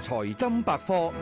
財金百科，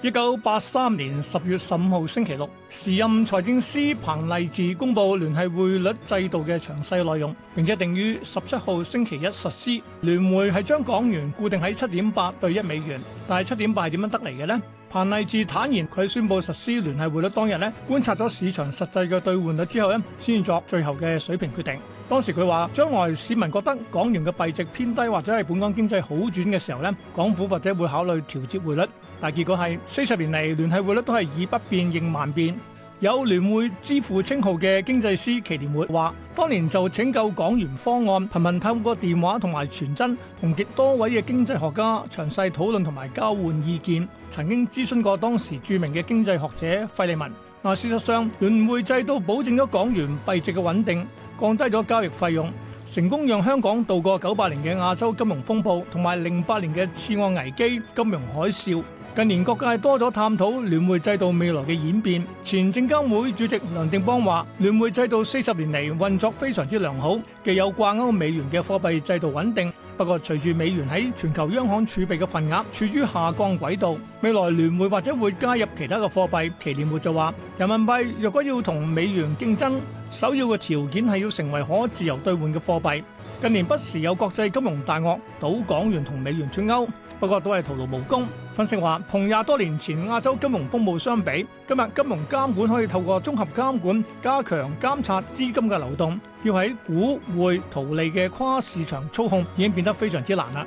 一九八三年十月十五號星期六，時任財政司彭勵治公布聯繫匯率制度嘅詳細內容，並且定於十七號星期一實施。聯匯係將港元固定喺七點八對一美元，但係七點八係點樣得嚟嘅呢？彭勵治坦言，佢宣布實施聯繫匯率當日咧，觀察咗市場實際嘅兌換率之後咧，先作最後嘅水平決定。當時佢話：將來市民覺得港元嘅幣值偏低，或者係本港經濟好轉嘅時候呢，港府或者會考慮調節匯率。但係結果係四十年嚟聯繫匯率都係以不變應萬變。有聯匯之父稱號嘅經濟師祁連活話：當年就拯救港元方案頻頻透過電話同埋傳真同極多位嘅經濟學家詳細討論同埋交換意見，曾經諮詢過當時著名嘅經濟學者費利文。嗱，事實上聯匯制度保證咗港元幣值嘅穩定。降低咗交易費用，成功讓香港渡過九八年嘅亞洲金融風暴，同埋零八年嘅次按危機、金融海嘯。近年各界多咗探討聯匯制度未來嘅演變。前證監會主席梁定邦話：聯匯制度四十年嚟運作非常之良好，既有掛鈎美元嘅貨幣制度穩定。不過隨住美元喺全球央行儲備嘅份額處於下降軌道，未來聯匯或者會加入其他嘅貨幣。祁連會就話：人民幣若果要同美元競爭，首要嘅條件係要成為可自由兌換嘅貨幣。近年不時有國際金融大鱷賭港元同美元串勾，不過都係徒勞無功。分析話，同廿多年前亞洲金融風暴相比，今日金融監管可以透過綜合監管加強監察資金嘅流動，要喺股匯逃離嘅跨市場操控已經變得非常之難啦。